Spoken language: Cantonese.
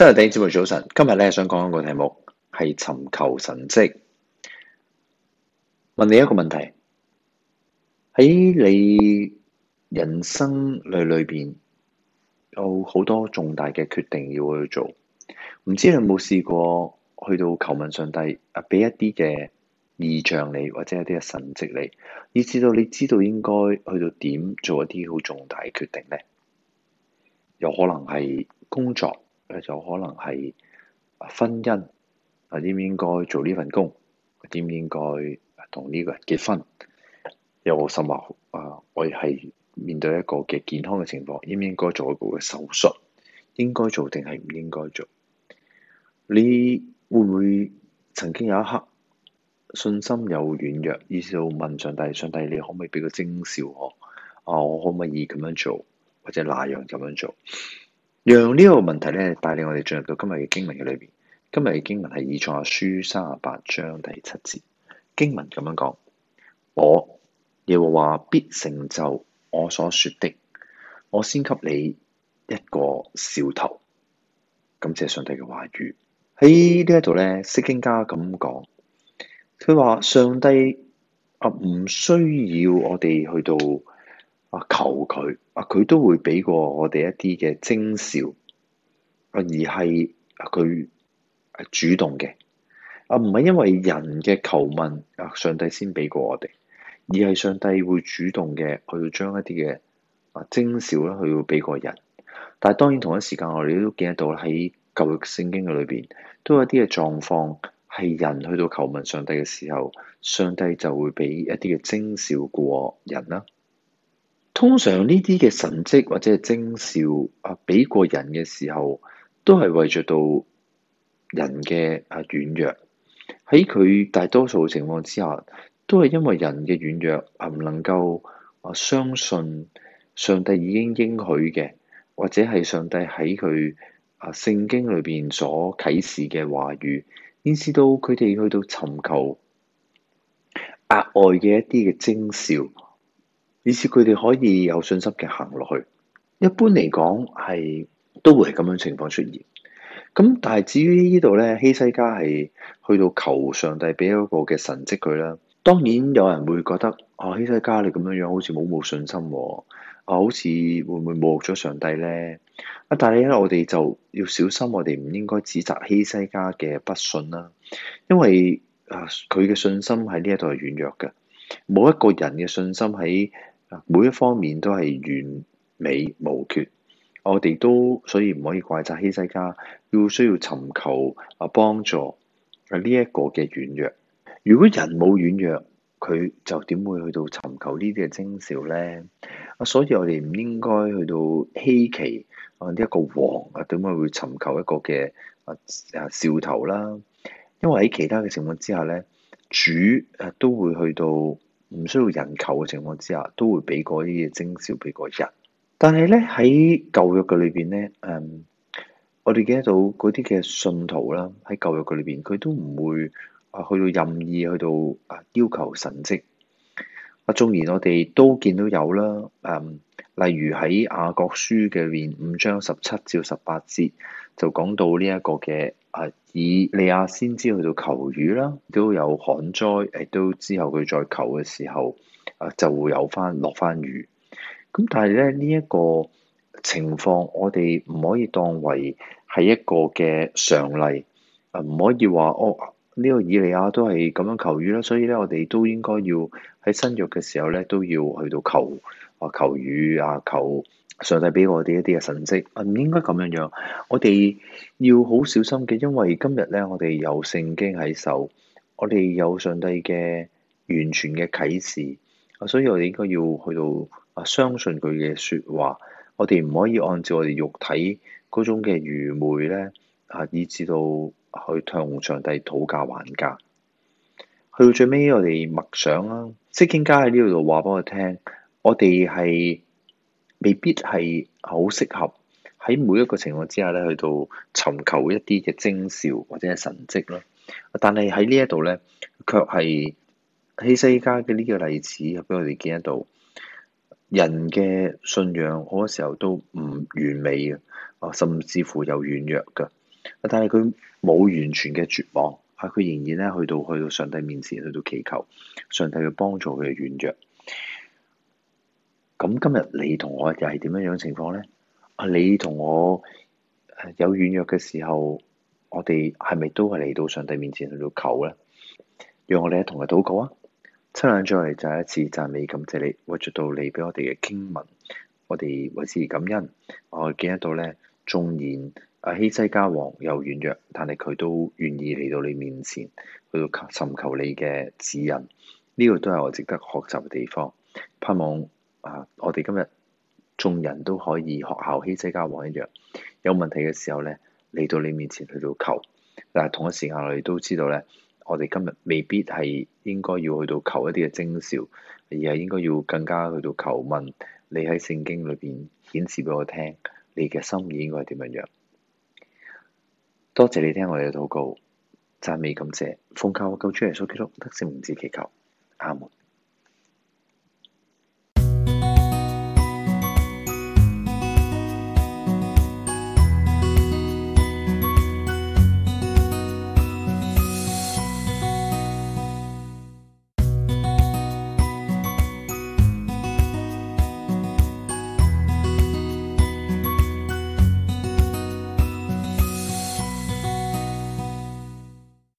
真係頂節目早晨，今日咧想講一個題目，係尋求神蹟。問你一個問題：喺你人生裏裏邊有好多重大嘅決定要去做，唔知你有冇試過去到求問上帝啊，俾一啲嘅異象你，或者一啲嘅神蹟你，以至到你知道應該去到點做一啲好重大嘅決定咧？有可能係工作。佢就可能係婚姻，啊，應唔應該做呢份工？應唔應該同呢個人結婚？有我心話啊？我係面對一個嘅健康嘅情況，應唔應該做一個嘅手術？應該做定係唔應該做？你會唔會曾經有一刻信心有軟弱，於是就問上帝，上帝，你可唔可以俾個徵兆我？啊，我可唔可以咁樣做，或者那樣咁樣做？讓呢個問題咧帶領我哋進入到今日嘅經文嘅裏面。今日嘅經文係以賽亞書三十八章第七節，經文咁樣講：我耶和華必成就我所說的，我先給你一個兆頭。感謝上帝嘅話語。喺呢一度咧，釋經家咁講，佢話上帝啊，唔需要我哋去到啊求佢。佢、啊、都會俾過我哋一啲嘅徵兆，啊而係佢主動嘅，啊唔係因為人嘅求問啊上帝先俾過我哋，而係上帝會主動嘅去將一啲嘅啊徵兆啦，佢會俾過人。但係當然同一時間我哋都見得到喺舊約聖經嘅裏邊，都有一啲嘅狀況係人去到求問上帝嘅時候，上帝就會俾一啲嘅徵兆過人啦。通常呢啲嘅神蹟或者係徵兆啊，俾過人嘅時候，都係為著到人嘅啊軟弱。喺佢大多數情況之下，都係因為人嘅軟弱，唔能夠啊相信上帝已經應許嘅，或者係上帝喺佢啊聖經裏邊所啟示嘅話語，以致到佢哋去到尋求額外嘅一啲嘅徵兆。以至佢哋可以有信心嘅行落去。一般嚟講係都會係咁樣情況出現。咁但係至於呢度咧，希西家係去到求上帝俾一個嘅神蹟佢啦。當然有人會覺得，哦、啊，希西家你咁樣樣，好似冇冇信心，啊好似會唔會侮辱咗上帝咧？啊但係咧，我哋就要小心，我哋唔應該指責希西家嘅不信啦。因為啊，佢嘅信心喺呢一度係軟弱嘅。冇一個人嘅信心喺每一方面都係完美無缺。我，我哋都所以唔可以怪責希西家，要需要尋求啊幫助啊呢一個嘅軟，軟弱。如果人冇軟弱，佢就點會去到尋求呢啲嘅徵兆咧？啊，所以我哋唔應該去到稀奇啊呢一個王啊點解會尋求一個嘅啊啊兆頭啦？因為喺其他嘅情況之下咧，主啊都會去到。唔需要人求嘅情況之下，都會俾嗰啲嘢徵兆俾個人。但係咧喺舊約嘅裏邊咧，嗯，我哋記得到嗰啲嘅信徒啦，喺舊約嘅裏邊，佢都唔會啊去到任意去到啊要求神蹟。啊，縱然我哋都見到有啦，嗯，例如喺雅各書嘅裏面五章十七至十八節，就講到呢一個嘅。啊，以利亞先知去到求雨啦，都有旱災，誒都之後佢再求嘅時候，啊就會有翻落翻雨。咁但係咧呢一個情況，我哋唔可以當為係一個嘅常例，誒唔可以話哦，呢個以利亞都係咁樣求雨啦。所以咧，我哋都應該要喺新約嘅時候咧，都要去到求啊求雨啊求。上帝俾我哋一啲嘅神蹟，唔應該咁樣樣。我哋要好小心嘅，因為今日咧，我哋有聖經喺手，我哋有上帝嘅完全嘅啟示，所以我哋應該要去到啊相信佢嘅説話。我哋唔可以按照我哋肉體嗰種嘅愚昧咧，啊以至到去同上帝討價還價。去到最尾，我哋默想啦。即係希西家喺呢度度話俾我聽，我哋係。未必係好適合喺每一個情況之下咧，去到尋求一啲嘅徵兆或者係神蹟咯。但係喺呢一度咧，卻係希西家嘅呢個例子俾我哋見得到，人嘅信仰好多時候都唔完美嘅，啊，甚至乎有軟弱嘅。但係佢冇完全嘅絕望，啊，佢仍然咧去到去到上帝面前去到祈求上帝去幫助佢嘅軟弱。咁今日你同我又係點樣樣情況咧？啊，你同我有軟弱嘅時候，我哋係咪都係嚟到上帝面前去到求咧？讓我哋一同嚟禱告啊！親眼再嚟再一次讚美，感謝你為著到你俾我哋嘅經文，我哋為之感恩。我見得到咧，縱然阿希西家王有軟弱，但係佢都願意嚟到你面前去到尋求你嘅指引。呢、這個都係我值得學習嘅地方。盼望。啊！我哋今日眾人都可以學效希西家王一樣，有問題嘅時候咧，嚟到你面前去到求，但係同一時間我哋都知道咧，我哋今日未必係應該要去到求一啲嘅徵兆，而係應該要更加去到求問你喺聖經裏邊顯示俾我聽，你嘅心意應該係點樣樣？多謝你聽我哋嘅禱告，讚美感謝，奉靠我救主耶穌基督得勝名字祈求，阿門。